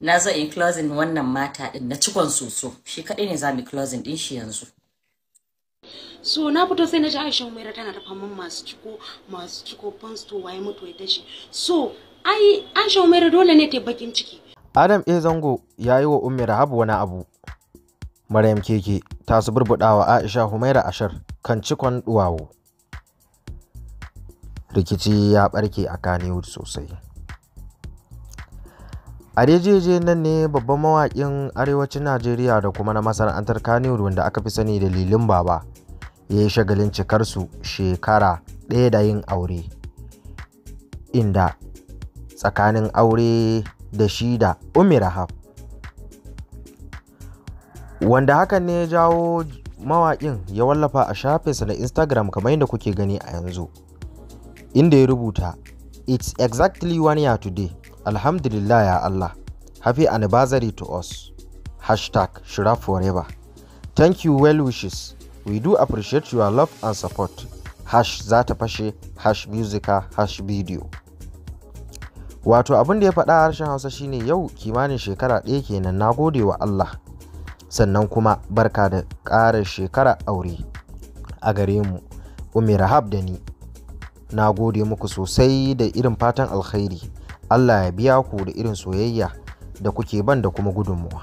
na zo in closing wannan mata din na cikon soso shi kadai ne za mu closing din shi yanzu so na fito sai na ji Aisha Umaira tana tafa mun masu ciko masu ciko fans to waye mutu ya tashi so ai Aisha Umaira dole ne ta bakin ciki Adam A Zango yayi wa Umaira habu wani abu Maryam Keke ta su burbudawa Aisha Humaira Ashar kan cikon duwawo rikici ya barke a kaniwood sosai a nan ne babban mawaƙin arewacin najeriya da kuma na masana'antar kaniwood wanda aka fi sani da lilin baba ya yi shagalin su shekara ɗaya da yin aure inda tsakanin aure da shi da umirahab wanda hakan ne ya jawo mawaƙin ya wallafa a shafinsa na instagram kamar yadda kuke gani a yanzu inda ya rubuta it's exactly one year today alhamdulillah ya allah Happy anniversary to us. Hashtag Shira Forever. Thank you well wishes. We do appreciate your love and support. Hash zata fashe, hash musica, hash video. Wato abin da ya faɗa harshen Hausa shine yau kimanin shekara ɗaya kenan na gode wa Allah. Sannan kuma barka da ƙarin shekara aure a gare mu, Umi Rahab da ni. Na gode muku sosai da irin fatan alkhairi. Allah ya biya ku da irin soyayya da kuke ban da kuma gudunmuwa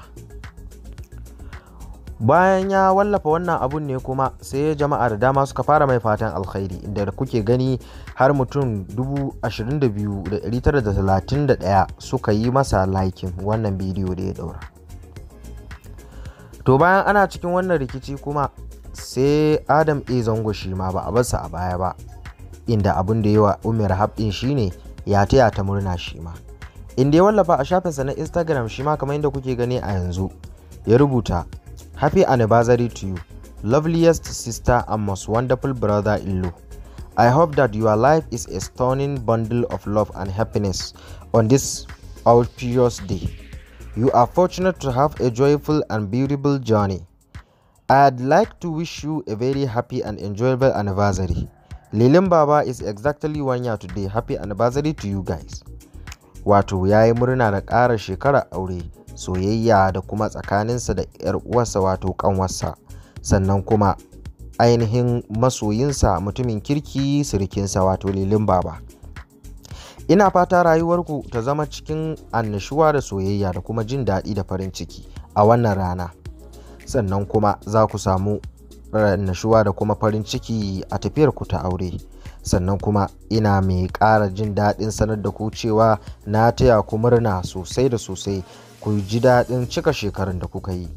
bayan ya wallafa wannan abun ne kuma sai jama'a da dama suka fara mai fatan alkhairi inda kuke gani har mutum 22,931 suka yi masa laikin wannan bidiyo da ya daura to bayan ana cikin wannan rikici kuma sai adam a zango shi ma ba a barsa a baya ba inda abin da yawa umar habdin ne ya taya ta murna shi ma inda ya wallafa a shafinsa na instagram shi ma kamar yadda kuke gani a yanzu ya rubuta happy anniversary to you loveliest sister and most wonderful brother in law i hope that your life is a stunning bundle of love and happiness on this auspicious day you are fortunate to have a joyful and beautiful journey i'd like to wish you a very happy and enjoyable anniversary lilin baba is exactly one year today happy anniversary to you guys wato ya yi murna da ƙara shekarar aure soyayya da kuma tsakaninsa da 'yar uwarsa wato ƙanwarsa sannan kuma ainihin masoyinsa mutumin kirki sirikinsa wato lilin baba ina fata rayuwarku ta zama cikin annashuwa da soyayya da kuma jin daɗi da farin ciki a wannan rana sannan kuma za ku samu annashuwa da kuma farin ciki a tafiyarku ta aure sannan kuma ina mai ƙara jin daɗin sanar da ku cewa na taya ku murna sosai da sosai ku ji daɗin cika shekarun da kuka yi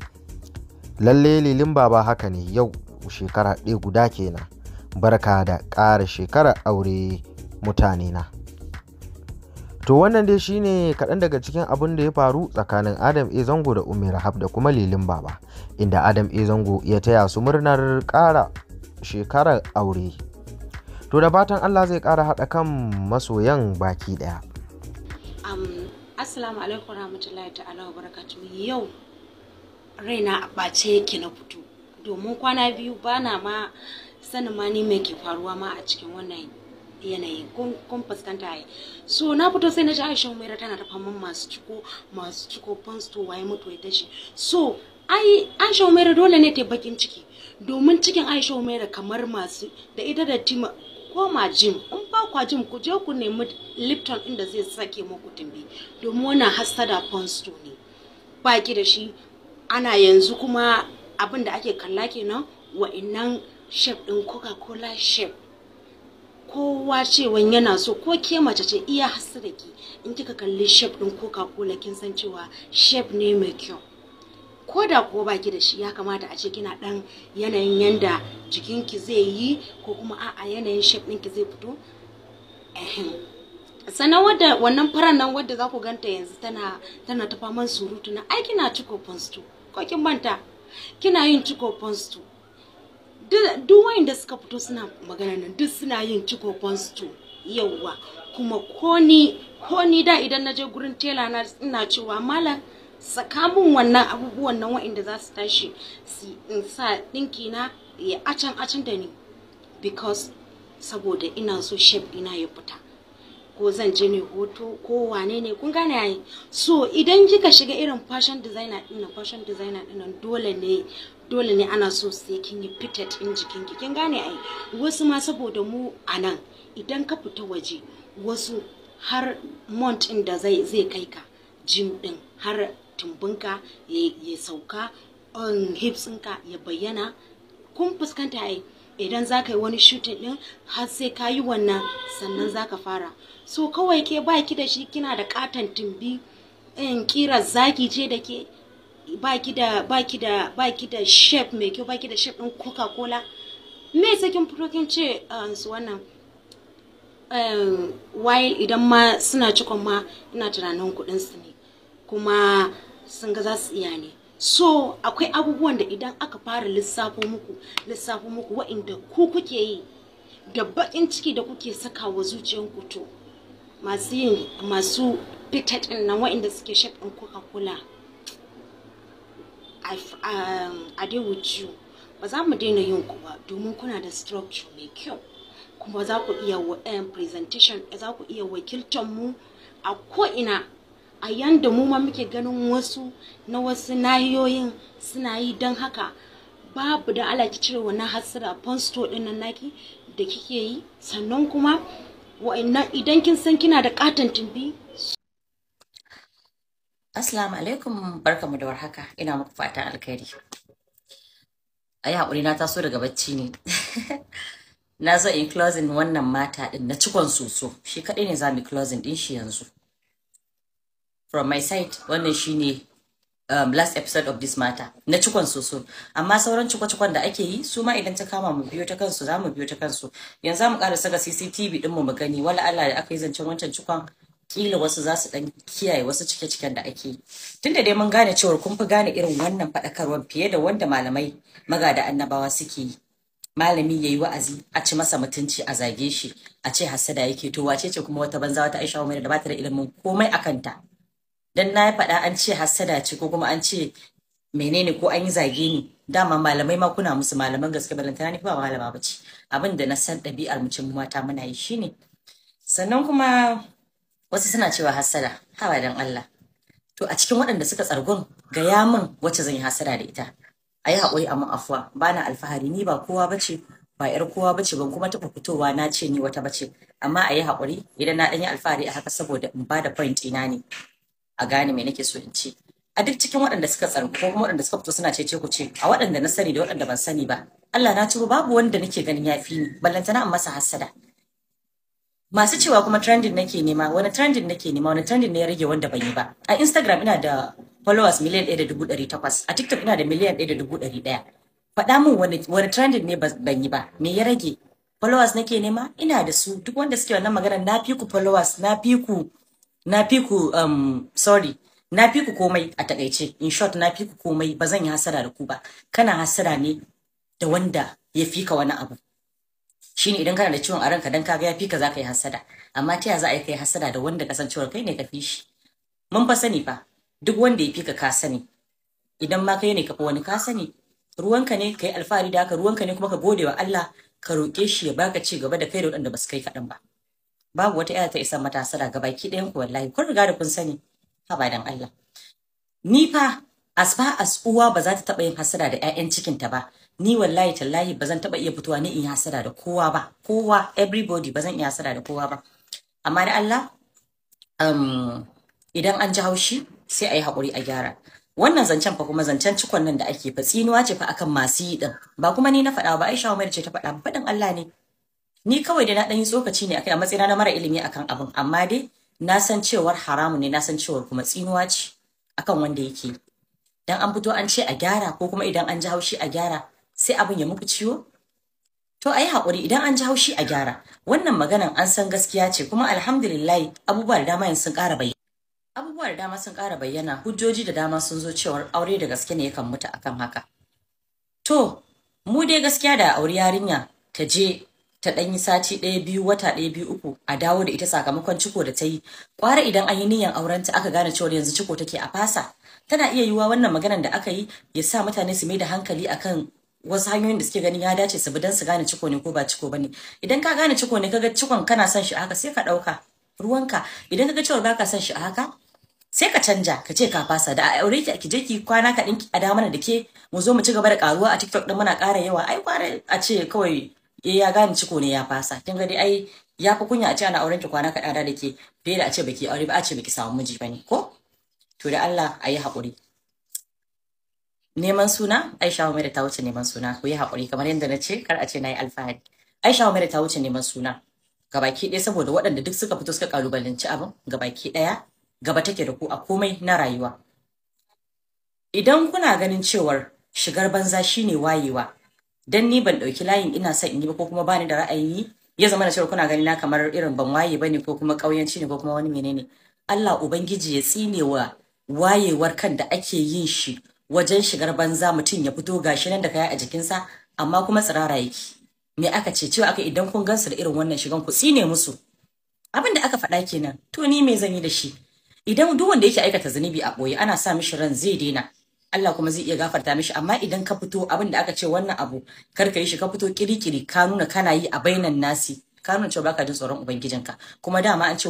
lalle lilin baba haka ne yau shekara ɗaya guda kenan barka da ƙara shekara aure mutane na to wannan dai shine kaɗan daga cikin abin da ya faru tsakanin adam a zango da umar rahab da kuma lilin baba inda adam a zango ya taya su murnar ƙara shekarar aure to da fatan Allah zai kara haɗa kan masoyan baki ɗaya. Assalamu alaikum rahmatullahi ta'ala wa barakatuhu yau raina a ɓace yake na fito domin kwana biyu bana ma sanin ma ni mai ke faruwa ma a cikin wannan yanayi kun fuskanta ai so na fito sai na ji Aisha Umaira tana ta faman masu ciko masu ciko fans to waye mutu ya tashi so ai Aisha Umaira dole ne ta bakin ciki domin cikin Aisha Umaira kamar masu da ita da tima koma jim in ba kwa jim ku je ku nemi lipton ɗin da zai sake muku tumbi domin wannan hasada ponsto ne ba ki da shi ana yanzu kuma abin da ake kalla kenan wa'innan shef ɗin coca-cola shef kowa cewan yana so ko ke mace ce iya hasada ki in kika kalli shef ɗin coca-cola kin san cewa shef ne mai kyau ko da ko baki da shi ya kamata a ce kina dan yanayin yanda jikinki zai yi ko kuma a'a yanayin shape ɗinki zai fito sannan wadda wannan faran nan wadda za ku ganta yanzu tana tana ta faman surutu na ai kina ciko ponstu ko kin manta kina yin ciko ponstu duk da suka fito suna magana nan duk suna yin ciko ponstu yawwa kuma ko ni ko ni da idan na je gurin tela na ina cewa malam saka min wannan abubuwan nan wa'inda za su tashi su in sa ɗinki na ya acan acan da ni because saboda ina so shape ina ya fita ko zan je ne hoto ko wane ne kun gane yayi so idan kika shiga irin fashion designer din fashion designer din dole ne dole ne ana so sai kin yi fitted in jikin ki kin gane ai wasu ma saboda mu anan idan ka fita waje wasu har month din da zai zai kai ka jim din har tumbinka ya sauka hips ɗinka ya bayyana kun fuskanta ai idan za ka yi wani shooting ɗin har sai ka yi wannan sannan za ka fara so kawai ke ba ki da shi kina da katon tumbi in kira zaki ce da ke baki da baki da baki da mai kyau baki da shape ɗin coca cola me sai kin fito kin ce ah, su wannan eh, while idan ma suna cikon ma ina tunanin kuɗin su ne kuma sun ga za su iya ne so akwai abubuwan da idan aka fara lissafo muku lissafo muku wa'inda ku kuke yi da baƙin ciki da kuke saka wa zuciyanku to masu yin masu fitat ɗin nan wa'inda suke shaf ɗin coca cola a dai wuce um, ba za mu daina yin ku ba domin kuna da structure mai kyau kuma za ku iya um, presentation za ku iya wakiltar mu a ko'ina a yanda mu ma muke ganin wasu na wasu nahiyoyin suna yi don haka babu da ala cire wannan hasira fonsto din nan naki da kike yi sannan kuma wa'annan idan kin san kina da katon tumbi Assalamu alaikum barkamu da warhaka ina muku fatan alkhairi Ai hakuri na taso daga bacci ne na zo in closing wannan mata din na cikon soso shi kaɗai ne za mu closing din shi yanzu from my side wannan shine um, last episode of this matter na cikon soso amma sauran cikon-cikon da ake yi su ma idan ta kama mu biyo ta kansu za mu biyo ta kansu yanzu za mu ƙara saka cctv din mu gani wala Allah da aka yi zancen wancan cikon kila wasu za su dan kiyaye wasu cike-ciken da ake yi tunda dai mun gane cewa kun fi gane irin wannan faɗakarwar fiye da wanda malamai magada annabawa suke yi malami yayi wa'azi a ci masa mutunci a zage shi a ce hasada yake to wace ce kuma wata banza wata aisha umar da ba ta da ilimin komai kanta. dan na faɗa an ce hassada ce ko kuma an ce menene ko an yi zage ni dama malamai ma kuna musu malaman gaske balantana ni ba malama ce. abin da na san ɗabi'ar mu ce mu mata muna yi shine sannan kuma wasu suna cewa hassada hawa dan Allah to a cikin waɗanda suka tsargon gaya min wacce zan yi hassada da ita a yi haƙuri a afuwa ba na alfahari ni ba kowa ba ce ba yar kowa ba ce ban kuma taɓa fitowa na ce ni wata ba ce amma a yi haƙuri idan na ɗan yi alfahari a haka saboda in ba da point ina ne a gane me nake so in ce a duk cikin waɗanda suka tsaro ko kuma waɗanda suka fito suna ce ce ku ce a waɗanda na sani da waɗanda ban sani ba Allah na tuba babu wanda nake ganin ya fi ni ballantana in masa hasada. masu cewa kuma trending nake nema wani trending nake nema wani trending ne ya rage wanda ban yi ba a Instagram ina da followers miliyan ɗaya da dubu a TikTok ina da miliyan ɗaya da dubu ɗari ɗaya faɗa min wani wani trending ne ban yi ba me ya rage followers nake nema ina da su duk wanda suke wannan magana na fi ku followers na fi ku na fi ku um, sorry na fi ku komai a takaice in short na fi ku komai ba zan yi hasara da ku ba kana hasara ne da wanda ya fi ka wani abu shine idan kana da ciwon a ranka dan kaga ya fi ka za ka yi hasada amma ta za a yi kai hasada da wanda kasancewar kai ne ka fi shi mun fa sani fa duk wanda ya fi ka ka sani idan ma kai ne ka fi wani ka sani ruwanka ne ka yi alfahari da haka ruwanka ne kuma ka gode wa Allah ka roƙe shi ya baka ci gaba da kai da waɗanda ba su kai kaɗan ba. babu wata yaya ta isa matasara ga baki ɗayan ku wallahi kun riga da kun sani haba dan Allah ni fa as fa as uwa ba za ta taɓa yin hasara da ƴaƴan cikinta ba ni wallahi tallahi ba zan taɓa iya fitowa ni in yi hasara da kowa ba kowa everybody ba zan iya hasara da kowa ba amma da Allah um, idan an ji haushi sai a yi haƙuri a gyara wannan zancen fa kuma zancen cikon nan da ake fa tsinuwa ce fa akan masu yi din ba kuma ni na faɗa ba Aisha Umar ce ta faɗa faɗin Allah ne ni kawai da na ɗan yi tsokaci ne akai a matsayina na mara ilimi akan abin amma dai na san cewar haramu ne na san cewar kuma tsinuwa ce akan wanda yake dan an fito an ce a gyara ko kuma idan an ji haushi a gyara sai abin ya muku ciwo to ayi haƙuri idan an ji haushi a gyara wannan maganan an san gaskiya ce kuma alhamdulillah abubuwa da dama sun ƙara bayyana abubuwa da dama sun ƙara bayyana hujjoji da dama sun zo cewar aure da gaske ne yakan mutu akan haka to mu dai gaskiya da auri yarinya ta je ta ɗan yi sati ɗaya biyu wata ɗaya biyu uku a dawo da ita sakamakon ciko da ta yi kwara idan an yi niyan auren ta aka gane cewa yanzu ciko take a fasa tana iya yiwuwa wannan maganar da aka yi ya sa mutane su mai da hankali akan wasu hanyoyin da suke ganin ya dace su bi don su gane ciko ne ko ba ciko bane idan ka gane ciko ne kaga cikon kana son shi haka sai ka ɗauka ruwanka idan kaga cewa baka son shi haka sai ka canja ka ce ka fasa da a aure ki ki je ki kwana ka kaɗan a damana da ke mu zo mu ci gaba da karuwa a TikTok din muna ƙara yawa ai kwara a ce kawai eh ya gane ciko ne ya fasa kin ga dai ai ya fi kunya a ce ana auren ki kwana kaɗa da ke bai da a ce baki aure ba a ce baki samu miji bane ko to da Allah a yi haƙuri neman suna Aisha Umar ta wuce neman suna ku yi haƙuri kamar yadda na ce kar a ce nayi alfahari Aisha Umar ta wuce neman suna gabaki ɗaya saboda waɗanda duk suka fito suka kalubalanci abin gabaki ɗaya gaba take da ku a komai na rayuwa idan kuna ganin cewar shigar banza shine wayewa dan ni ban dauki layin ina son in yi ba ko kuma bani da ra'ayi ya zama na cewa kuna gani na kamar irin ban waye bane ko kuma kauyanci ne ko kuma wani menene Allah ubangiji ya tsine wa wayewar kan da ake yin shi wajen shigar banza mutum ya fito gashi nan da kaya a jikinsa amma kuma tsirara yake me aka ce cewa aka idan kun gansu da irin wannan shigan ku tsine musu abin da aka faɗa kenan to ni me zan yi da shi idan duk wanda yake aikata zunubi a boye ana sa mishi ran zai daina Allah kuma zai iya gafarta mishi amma idan ka fito abin da aka ce wannan abu kar ka yi shi ka fito kirikiri ka nuna kana yi a bainan nasi ka nuna cewa baka jin tsoron ubangijinka kuma dama an ce